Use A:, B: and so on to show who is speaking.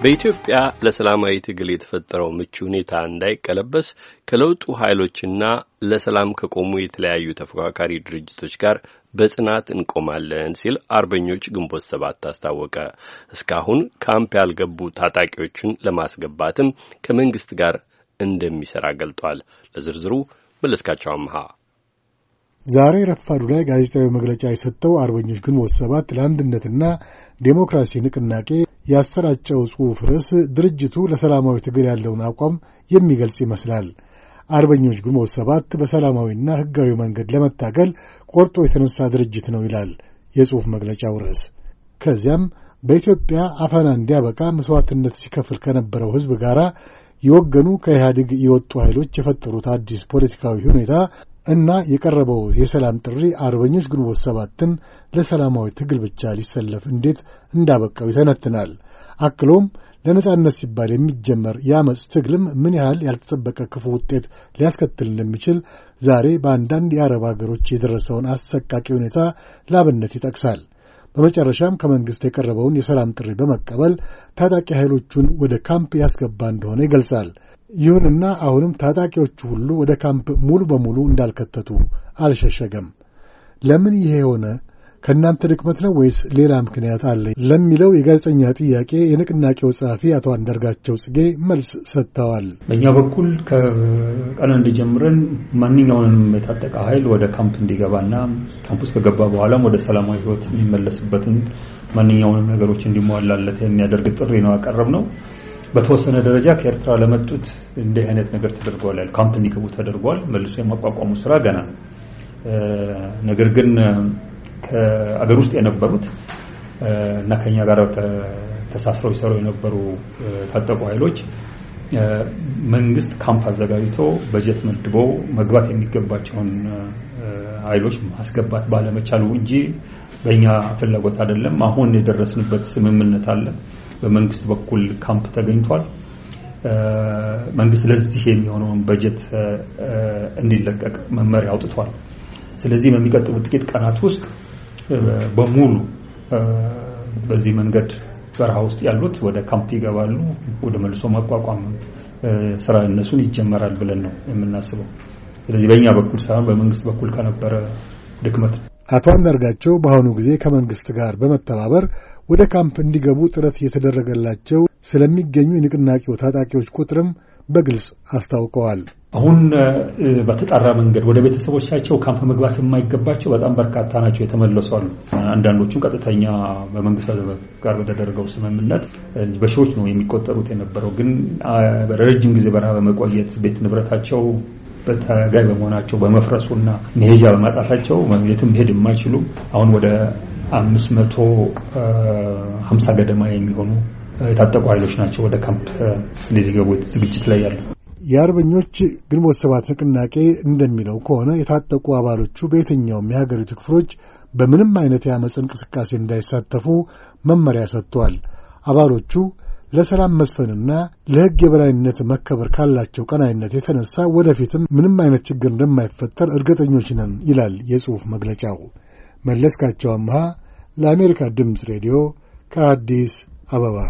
A: በኢትዮጵያ ለሰላማዊ ትግል የተፈጠረው ምቹ ሁኔታ እንዳይቀለበስ ከለውጡ ኃይሎችና ለሰላም ከቆሙ የተለያዩ ተፎካካሪ ድርጅቶች ጋር በጽናት እንቆማለን ሲል አርበኞች ግንቦት ሰባት አስታወቀ። እስካሁን ካምፕ ያልገቡ ታጣቂዎችን ለማስገባትም ከመንግስት ጋር እንደሚሰራ ገልጧል። ለዝርዝሩ መለስካቸው አምሃ
B: ዛሬ ረፋዱ ላይ ጋዜጣዊ መግለጫ የሰጠው አርበኞች ግንቦት ሰባት ለአንድነትና ዴሞክራሲ ንቅናቄ ያሰራጨው ጽሑፍ ርዕስ ድርጅቱ ለሰላማዊ ትግል ያለውን አቋም የሚገልጽ ይመስላል። አርበኞች ግንቦት ሰባት በሰላማዊና ሕጋዊ መንገድ ለመታገል ቆርጦ የተነሳ ድርጅት ነው ይላል የጽሑፍ መግለጫው ርዕስ። ከዚያም በኢትዮጵያ አፈና እንዲያበቃ መስዋዕትነት ሲከፍል ከነበረው ሕዝብ ጋር የወገኑ ከኢህአዴግ የወጡ ኃይሎች የፈጠሩት አዲስ ፖለቲካዊ ሁኔታ እና የቀረበው የሰላም ጥሪ አርበኞች ግንቦት ሰባትን ለሰላማዊ ትግል ብቻ ሊሰለፍ እንዴት እንዳበቃው ይተነትናል። አክሎም ለነጻነት ሲባል የሚጀመር የአመፅ ትግልም ምን ያህል ያልተጠበቀ ክፉ ውጤት ሊያስከትል እንደሚችል ዛሬ በአንዳንድ የአረብ አገሮች የደረሰውን አሰቃቂ ሁኔታ ላብነት ይጠቅሳል። በመጨረሻም ከመንግሥት የቀረበውን የሰላም ጥሪ በመቀበል ታጣቂ ኃይሎቹን ወደ ካምፕ ያስገባ እንደሆነ ይገልጻል። ይሁንና አሁንም ታጣቂዎቹ ሁሉ ወደ ካምፕ ሙሉ በሙሉ እንዳልከተቱ አልሸሸገም። ለምን ይሄ የሆነ ከእናንተ ድክመት ነው ወይስ ሌላ ምክንያት አለ ለሚለው የጋዜጠኛ ጥያቄ የንቅናቄው ጸሐፊ አቶ አንዳርጋቸው ጽጌ መልስ ሰጥተዋል። በእኛ በኩል
C: ከቀን እንዲጀምረን ማንኛውንም የታጠቀ ኃይል ወደ ካምፕ እንዲገባና ካምፕ ውስጥ ከገባ በኋላም ወደ ሰላማዊ ሕይወት የሚመለስበትን ማንኛውንም ነገሮች እንዲሟላለት የሚያደርግ ጥሪ ነው ያቀረብ ነው። በተወሰነ ደረጃ ከኤርትራ ለመጡት እንዲህ አይነት ነገር ተደርጓል። ካምፕ እንዲገቡ ተደርጓል። መልሶ የማቋቋሙ ስራ ገና ነገር ግን ከአገር ውስጥ የነበሩት እና ከኛ ጋር ተሳስረው ይሰሩ የነበሩ ታጠቁ ኃይሎች መንግስት ካምፕ አዘጋጅቶ በጀት መድቦ መግባት የሚገባቸውን ኃይሎች ማስገባት ባለመቻሉ እንጂ በእኛ ፍላጎት አይደለም። አሁን የደረስንበት ስምምነት አለ። በመንግስት በኩል ካምፕ ተገኝቷል። መንግስት ለዚህ የሚሆነውን በጀት እንዲለቀቅ መመሪያ አውጥቷል። ስለዚህ በሚቀጥሉት ጥቂት ቀናት ውስጥ በሙሉ በዚህ መንገድ በረሃ ውስጥ ያሉት ወደ ካምፕ ይገባሉ። ወደ መልሶ ማቋቋም ስራ እነሱን ይጀመራል ብለን ነው የምናስበው። ስለዚህ በእኛ በኩል ሳይሆን በመንግስት በኩል ከነበረ ድክመት
B: አቶ አንዳርጋቸው በአሁኑ ጊዜ ከመንግስት ጋር በመተባበር ወደ ካምፕ እንዲገቡ ጥረት እየተደረገላቸው ስለሚገኙ የንቅናቄው ታጣቂዎች ቁጥርም በግልጽ አስታውቀዋል። አሁን
C: በተጣራ መንገድ ወደ ቤተሰቦቻቸው ካምፕ መግባት የማይገባቸው በጣም በርካታ ናቸው የተመለሱ አሉ። አንዳንዶቹም ቀጥተኛ በመንግስት ጋር በተደረገው ስምምነት በሺዎች ነው የሚቆጠሩት የነበረው። ግን ረጅም ጊዜ በረሃ በመቆየት ቤት ንብረታቸው በተጋይ በመሆናቸው በመፍረሱና መሄጃ በማጣታቸው የትም መሄድ የማይችሉ አሁን ወደ አምስት መቶ ሀምሳ ገደማ የሚሆኑ የታጠቁ ኃይሎች ናቸው ወደ ካምፕ እንዲገቡ ዝግጅት ላይ ያሉ።
B: የአርበኞች ግንቦት ሰባት ንቅናቄ እንደሚለው ከሆነ የታጠቁ አባሎቹ በየትኛውም የሀገሪቱ ክፍሎች በምንም አይነት የአመፅ እንቅስቃሴ እንዳይሳተፉ መመሪያ ሰጥቷል። አባሎቹ ለሰላም መስፈንና ለሕግ የበላይነት መከበር ካላቸው ቀናይነት የተነሳ ወደፊትም ምንም አይነት ችግር እንደማይፈጠር እርግጠኞች ነን ይላል የጽሑፍ መግለጫው። መለስካቸው አምሃ ለአሜሪካ ድምፅ ሬዲዮ ከአዲስ አበባ